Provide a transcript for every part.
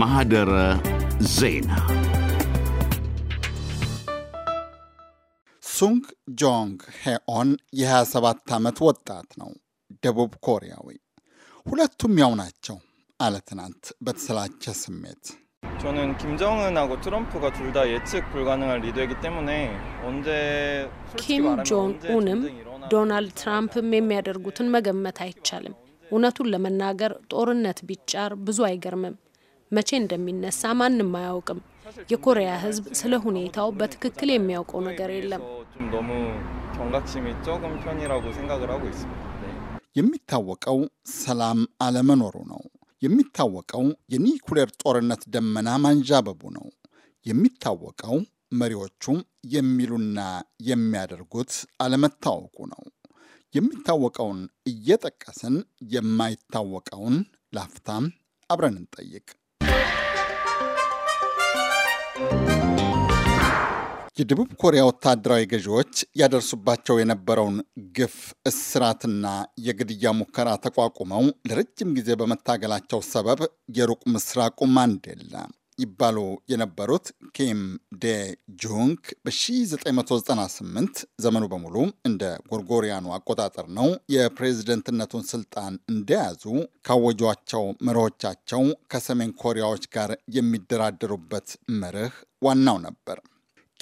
ማህደረ ዜና ሱንግ ጆንግ ሄኦን የ27 ዓመት ወጣት ነው፣ ደቡብ ኮሪያዊ። ሁለቱም ያው ናቸው አለ ትናንት በተሰላቸ ስሜት። 저는 김정은하고 트럼프가 둘 다 예측 불가능한 리더이기 때문에 언제 김종 운은 ዶናልድ ትራምፕም የሚያደርጉትን መገመት አይቻልም። እውነቱን ለመናገር ጦርነት ቢጫር ብዙ አይገርምም። መቼ እንደሚነሳ ማንም አያውቅም። የኮሪያ ሕዝብ ስለ ሁኔታው በትክክል የሚያውቀው ነገር የለም። የሚታወቀው ሰላም አለመኖሩ ነው። የሚታወቀው የኒኩሌር ጦርነት ደመና ማንዣበቡ ነው። የሚታወቀው መሪዎቹ የሚሉና የሚያደርጉት አለመታወቁ ነው። የሚታወቀውን እየጠቀስን የማይታወቀውን ላፍታም አብረን እንጠይቅ። የደቡብ ኮሪያ ወታደራዊ ገዢዎች ያደርሱባቸው የነበረውን ግፍ፣ እስራትና የግድያ ሙከራ ተቋቁመው ለረጅም ጊዜ በመታገላቸው ሰበብ የሩቅ ምስራቁ ማንዴላ ይባሉ የነበሩት ኪም ዴ ጁንግ በ1998 ዘመኑ በሙሉ እንደ ጎርጎሪያኑ አቆጣጠር ነው የፕሬዝደንትነቱን ስልጣን እንደያዙ ካወጇቸው መሪዎቻቸው ከሰሜን ኮሪያዎች ጋር የሚደራደሩበት መርህ ዋናው ነበር።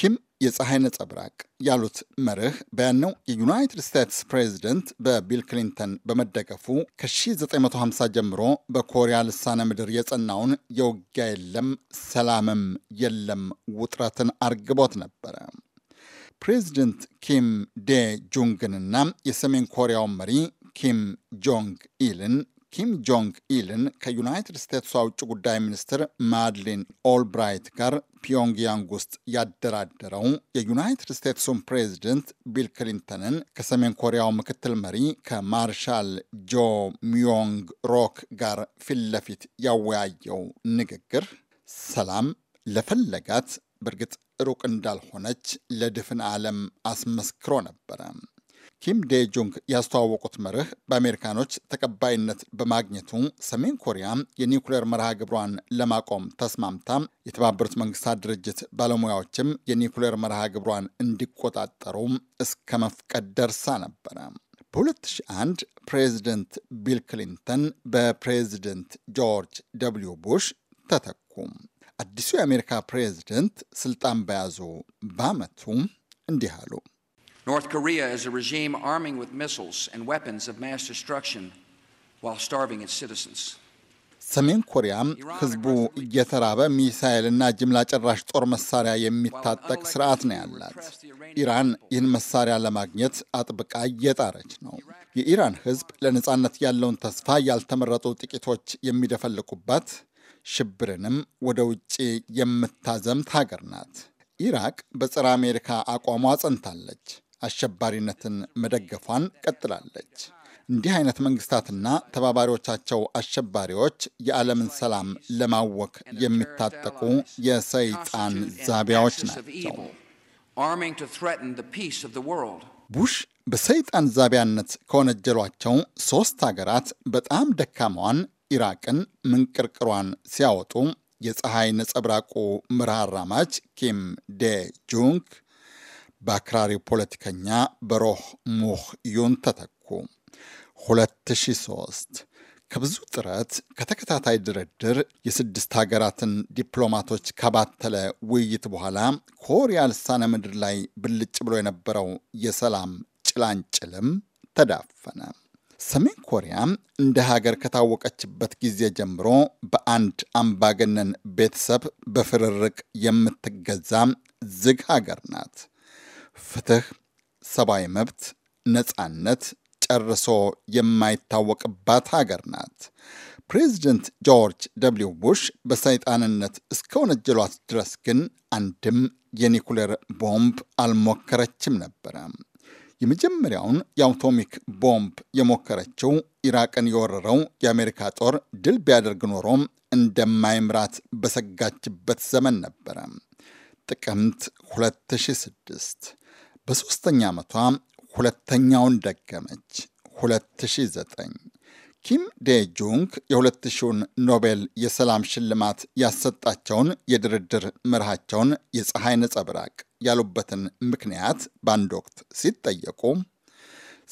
ኪም የፀሐይ ነጸብራቅ ያሉት መርህ በያነው የዩናይትድ ስቴትስ ፕሬዚደንት በቢል ክሊንተን በመደገፉ ከ1950 ጀምሮ በኮሪያ ልሳነ ምድር የጸናውን የውጊያ የለም ሰላምም የለም ውጥረትን አርግቦት ነበረ። ፕሬዚደንት ኪም ዴ ጁንግንና የሰሜን ኮሪያውን መሪ ኪም ጆንግ ኢልን ኪም ጆንግ ኢልን ከዩናይትድ ስቴትሷ ውጭ ጉዳይ ሚኒስትር ማድሊን ኦልብራይት ጋር ፒዮንግያንግ ውስጥ ያደራደረው የዩናይትድ ስቴትሱን ፕሬዚደንት ቢል ክሊንተንን ከሰሜን ኮሪያው ምክትል መሪ ከማርሻል ጆ ሚዮንግ ሮክ ጋር ፊት ለፊት ያወያየው ንግግር ሰላም ለፈለጋት በእርግጥ ሩቅ እንዳልሆነች ለድፍን ዓለም አስመስክሮ ነበረ። ኪም ዴጆንግ ያስተዋወቁት መርህ በአሜሪካኖች ተቀባይነት በማግኘቱ ሰሜን ኮሪያ የኒውክሌር መርሃ ግብሯን ለማቆም ተስማምታ የተባበሩት መንግስታት ድርጅት ባለሙያዎችም የኒውክሌር መርሃ ግብሯን እንዲቆጣጠሩ እስከ መፍቀድ ደርሳ ነበረ። በ2001 ፕሬዚደንት ቢል ክሊንተን በፕሬዚደንት ጆርጅ ደብልዩ ቡሽ ተተኩ። አዲሱ የአሜሪካ ፕሬዚደንት ስልጣን በያዙ በአመቱ እንዲህ አሉ። North Korea is a regime arming with missiles and weapons of mass destruction while starving its citizens. ሰሜን ኮሪያ ህዝቡ እየተራበ ሚሳኤልና ጅምላ ጨራሽ ጦር መሳሪያ የሚታጠቅ ስርዓት ነው ያላት። ኢራን ይህን መሳሪያ ለማግኘት አጥብቃ እየጣረች ነው። የኢራን ህዝብ ለነፃነት ያለውን ተስፋ ያልተመረጡ ጥቂቶች የሚደፈልቁባት፣ ሽብርንም ወደ ውጭ የምታዘምት ሀገር ናት። ኢራቅ በፀረ አሜሪካ አቋሟ ጸንታለች። አሸባሪነትን መደገፏን ቀጥላለች። እንዲህ አይነት መንግስታትና ተባባሪዎቻቸው አሸባሪዎች የዓለምን ሰላም ለማወክ የሚታጠቁ የሰይጣን ዛቢያዎች ናቸው። ቡሽ በሰይጣን ዛቢያነት ከወነጀሏቸው ሦስት ሀገራት በጣም ደካማዋን ኢራቅን ምንቅርቅሯን ሲያወጡ የፀሐይ ነጸብራቁ ምርሃራማች ኪም ዴ ጁንግ በአክራሪው ፖለቲከኛ በሮህ ሙህ ዩን ተተኩ። 2003 ከብዙ ጥረት ከተከታታይ ድርድር የስድስት ሀገራትን ዲፕሎማቶች ከባተለ ውይይት በኋላ ኮሪያ ልሳነ ምድር ላይ ብልጭ ብሎ የነበረው የሰላም ጭላንጭልም ተዳፈነ። ሰሜን ኮሪያ እንደ ሀገር ከታወቀችበት ጊዜ ጀምሮ በአንድ አምባገነን ቤተሰብ በፍርርቅ የምትገዛ ዝግ ሀገር ናት። ፍትህ፣ ሰብአዊ መብት፣ ነፃነት ጨርሶ የማይታወቅባት ሀገር ናት። ፕሬዚደንት ጆርጅ ደብሊው ቡሽ በሰይጣንነት እስከ ወነጀሏት ድረስ ግን አንድም የኒኩሌር ቦምብ አልሞከረችም ነበረ። የመጀመሪያውን የአውቶሚክ ቦምብ የሞከረችው ኢራቅን የወረረው የአሜሪካ ጦር ድል ቢያደርግ ኖሮም እንደማይምራት በሰጋችበት ዘመን ነበረ። ጥቅምት 2006 በሦስተኛ ዓመቷ ሁለተኛውን ደገመች። 2009 ኪም ዴጁንግ የ2000ን ኖቤል የሰላም ሽልማት ያሰጣቸውን የድርድር መርሃቸውን የፀሐይ ነጸብራቅ ያሉበትን ምክንያት በአንድ ወቅት ሲጠየቁ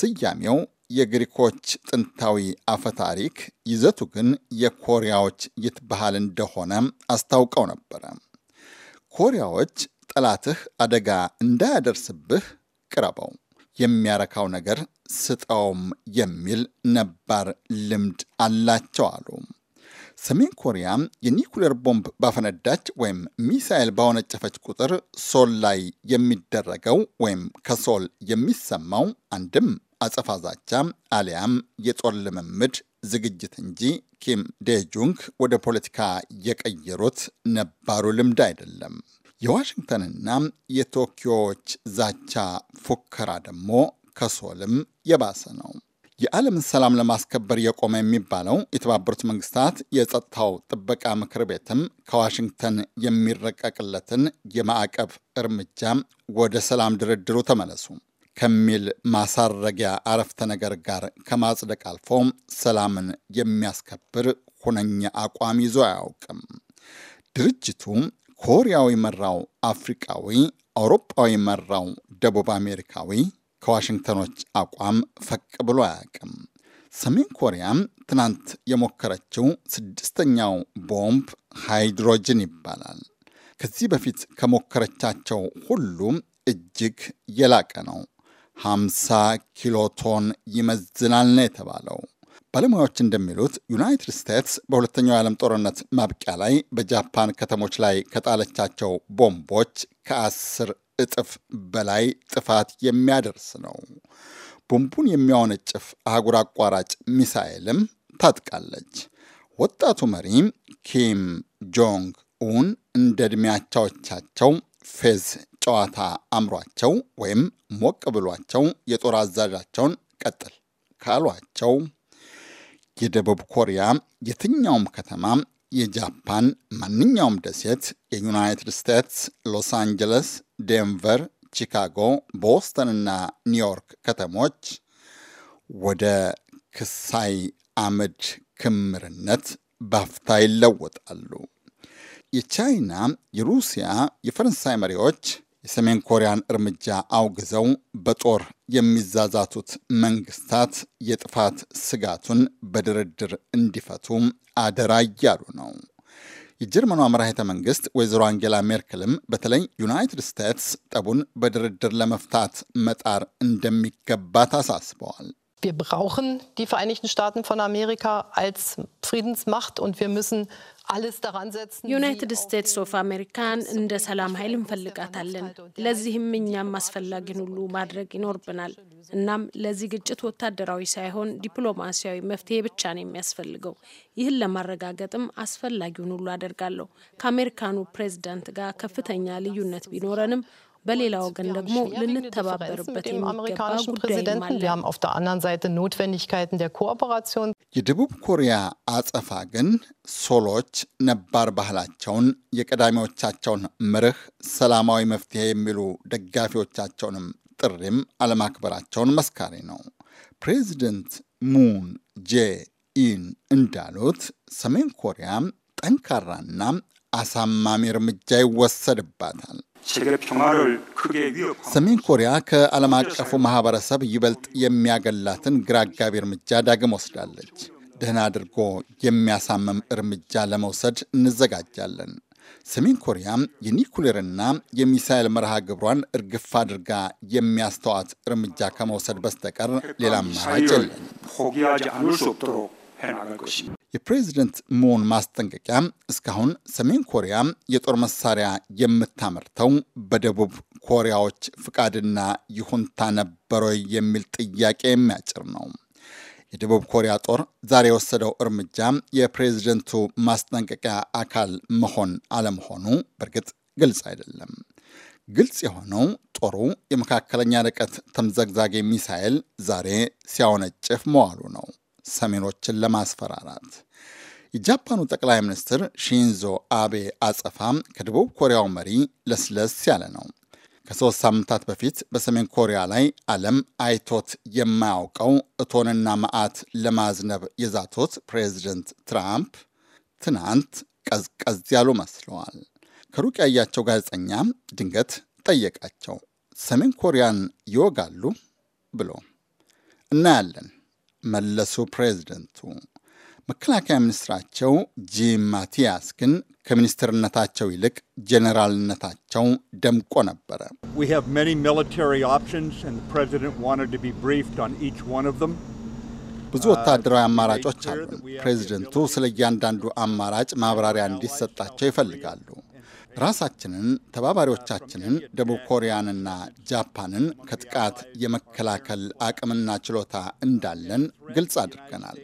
ስያሜው የግሪኮች ጥንታዊ አፈ ታሪክ ይዘቱ ግን የኮሪያዎች ይትባሃል እንደሆነ አስታውቀው ነበረ። ኮሪያዎች ጠላትህ አደጋ እንዳያደርስብህ ቅረበው፣ የሚያረካው ነገር ስጠውም የሚል ነባር ልምድ አላቸው አሉ። ሰሜን ኮሪያ የኒኩሌር ቦምብ ባፈነዳች ወይም ሚሳኤል ባወነጨፈች ቁጥር ሶል ላይ የሚደረገው ወይም ከሶል የሚሰማው አንድም አጸፋ ዛቻ አሊያም የጦር ልምምድ ዝግጅት እንጂ ኪም ዴጁንግ ወደ ፖለቲካ የቀየሩት ነባሩ ልምድ አይደለም። የዋሽንግተንና የቶኪዮዎች ዛቻ ፉከራ ደግሞ ከሶልም የባሰ ነው። የዓለም ሰላም ለማስከበር የቆመ የሚባለው የተባበሩት መንግስታት የጸጥታው ጥበቃ ምክር ቤትም ከዋሽንግተን የሚረቀቅለትን የማዕቀብ እርምጃ ወደ ሰላም ድርድሩ ተመለሱ ከሚል ማሳረጊያ አረፍተ ነገር ጋር ከማጽደቅ አልፎ ሰላምን የሚያስከብር ሁነኛ አቋም ይዞ አያውቅም። ድርጅቱ ኮሪያዊ መራው አፍሪቃዊ፣ አውሮፓዊ መራው ደቡብ አሜሪካዊ ከዋሽንግተኖች አቋም ፈቅ ብሎ አያውቅም። ሰሜን ኮሪያም ትናንት የሞከረችው ስድስተኛው ቦምብ ሃይድሮጅን ይባላል። ከዚህ በፊት ከሞከረቻቸው ሁሉም እጅግ የላቀ ነው። 50 ኪሎቶን ይመዝናል ነው የተባለው። ባለሙያዎች እንደሚሉት ዩናይትድ ስቴትስ በሁለተኛው የዓለም ጦርነት ማብቂያ ላይ በጃፓን ከተሞች ላይ ከጣለቻቸው ቦምቦች ከአስር እጥፍ በላይ ጥፋት የሚያደርስ ነው። ቦምቡን የሚያወነጭፍ አህጉር አቋራጭ ሚሳኤልም ታጥቃለች። ወጣቱ መሪ ኪም ጆንግ ኡን እንደ ዕድሜ አቻዎቻቸው ፌዝ ጨዋታ አምሯቸው ወይም ሞቅ ብሏቸው የጦር አዛዣቸውን ቀጥል ካሏቸው የደቡብ ኮሪያ የትኛውም ከተማ የጃፓን ማንኛውም ደሴት የዩናይትድ ስቴትስ ሎስ አንጀለስ፣ ዴንቨር፣ ቺካጎ፣ ቦስተንና ኒውዮርክ ከተሞች ወደ ክሳይ አመድ ክምርነት ባፍታ ይለወጣሉ። የቻይና፣ የሩሲያ፣ የፈረንሳይ መሪዎች የሰሜን ኮሪያን እርምጃ አውግዘው በጦር የሚዛዛቱት መንግስታት የጥፋት ስጋቱን በድርድር እንዲፈቱ አደራ እያሉ ነው። የጀርመኗ መራሄተ መንግስት ወይዘሮ አንጌላ ሜርክልም በተለይ ዩናይትድ ስቴትስ ጠቡን በድርድር ለመፍታት መጣር እንደሚገባ ታሳስበዋል። wir brauchen die Vereinigten Staaten von Amerika als Friedensmacht und wir müssen alles daran setzen. ዩናይትድ ስቴትስ ኦፍ አሜሪካን እንደ ሰላም ኃይል እንፈልጋታለን። ለዚህም እኛም አስፈላጊን ሁሉ ማድረግ ይኖርብናል። እናም ለዚህ ግጭት ወታደራዊ ሳይሆን ዲፕሎማሲያዊ መፍትሄ ብቻ ነው የሚያስፈልገው። ይህን ለማረጋገጥም አስፈላጊውን ሁሉ አደርጋለሁ። ከአሜሪካኑ ፕሬዝዳንት ጋር ከፍተኛ ልዩነት ቢኖረንም በሌላ ወገን ደግሞ ልንተባበርበት የሚገባ ጉዳይ የደቡብ ኮሪያ አጸፋ ግን ሶሎች ነባር ባህላቸውን የቀዳሚዎቻቸውን መርህ ሰላማዊ መፍትሄ የሚሉ ደጋፊዎቻቸውንም ጥሪም አለማክበራቸውን መስካሪ ነው። ፕሬዚደንት ሙን ጄ ኢን እንዳሉት ሰሜን ኮሪያ ጠንካራና አሳማሚ እርምጃ ይወሰድባታል። ሰሜን ኮሪያ ከዓለም አቀፉ ማህበረሰብ ይበልጥ የሚያገላትን ግራጋቢ እርምጃ ዳግም ወስዳለች። ደህና አድርጎ የሚያሳምም እርምጃ ለመውሰድ እንዘጋጃለን። ሰሜን ኮሪያ የኒኩሌርና የሚሳይል መርሃ ግብሯን እርግፍ አድርጋ የሚያስተዋት እርምጃ ከመውሰድ በስተቀር ሌላ አማራጭ የለን። የፕሬዚደንት ሙን ማስጠንቀቂያ እስካሁን ሰሜን ኮሪያ የጦር መሳሪያ የምታመርተው በደቡብ ኮሪያዎች ፍቃድና ይሁንታ ነበረ የሚል ጥያቄ የሚያጭር ነው። የደቡብ ኮሪያ ጦር ዛሬ የወሰደው እርምጃ የፕሬዝደንቱ ማስጠንቀቂያ አካል መሆን አለመሆኑ በእርግጥ ግልጽ አይደለም። ግልጽ የሆነው ጦሩ የመካከለኛ ርቀት ተምዘግዛጊ ሚሳኤል ዛሬ ሲያወነጭፍ መዋሉ ነው። ሰሜኖችን ለማስፈራራት። የጃፓኑ ጠቅላይ ሚኒስትር ሺንዞ አቤ አጸፋም ከደቡብ ኮሪያው መሪ ለስለስ ያለ ነው። ከሶስት ሳምንታት በፊት በሰሜን ኮሪያ ላይ ዓለም አይቶት የማያውቀው እቶንና መዓት ለማዝነብ የዛቶት ፕሬዚደንት ትራምፕ ትናንት ቀዝቀዝ ያሉ መስለዋል። ከሩቅ ያያቸው ጋዜጠኛ ድንገት ጠየቃቸው፣ ሰሜን ኮሪያን ይወጋሉ ብሎ እናያለን መለሱ ፕሬዝደንቱ። መከላከያ ሚኒስትራቸው ጂም ማቲያስ ግን ከሚኒስትርነታቸው ይልቅ ጀኔራልነታቸው ደምቆ ነበረ። ብዙ uh, ወታደራዊ አማራጮች አሉ። ፕሬዚደንቱ ስለ እያንዳንዱ አማራጭ ማብራሪያ እንዲሰጣቸው ይፈልጋሉ። ራሳችንን፣ ተባባሪዎቻችንን ደቡብ ኮሪያንና ጃፓንን ከጥቃት የመከላከል አቅምና ችሎታ እንዳለን ግልጽ አድርገናል።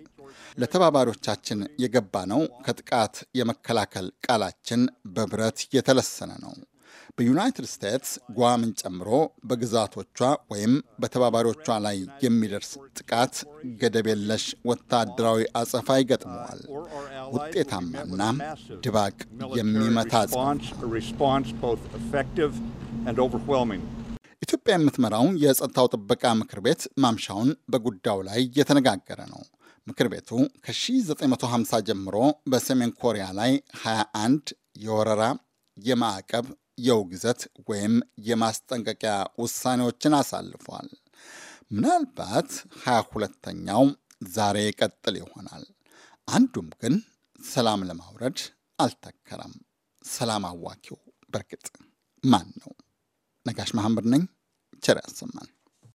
ለተባባሪዎቻችን የገባ ነው ከጥቃት የመከላከል ቃላችን በብረት የተለሰነ ነው። በዩናይትድ ስቴትስ ጓምን ጨምሮ በግዛቶቿ ወይም በተባባሪዎቿ ላይ የሚደርስ ጥቃት ገደብ የለሽ ወታደራዊ አጸፋ ይገጥመዋል። ውጤታማና ድባቅ የሚመታ ኢትዮጵያ የምትመራው የጸጥታው ጥበቃ ምክር ቤት ማምሻውን በጉዳዩ ላይ እየተነጋገረ ነው። ምክር ቤቱ ከ1950 ጀምሮ በሰሜን ኮሪያ ላይ 21 የወረራ የማዕቀብ የውግዘት ወይም የማስጠንቀቂያ ውሳኔዎችን አሳልፏል። ምናልባት ሀያ ሁለተኛው ዛሬ ይቀጥል ይሆናል። አንዱም ግን ሰላም ለማውረድ አልተከረም። ሰላም አዋኪው በእርግጥ ማን ነው? ነጋሽ መሐመድ ነኝ። ቸር ያሰማን።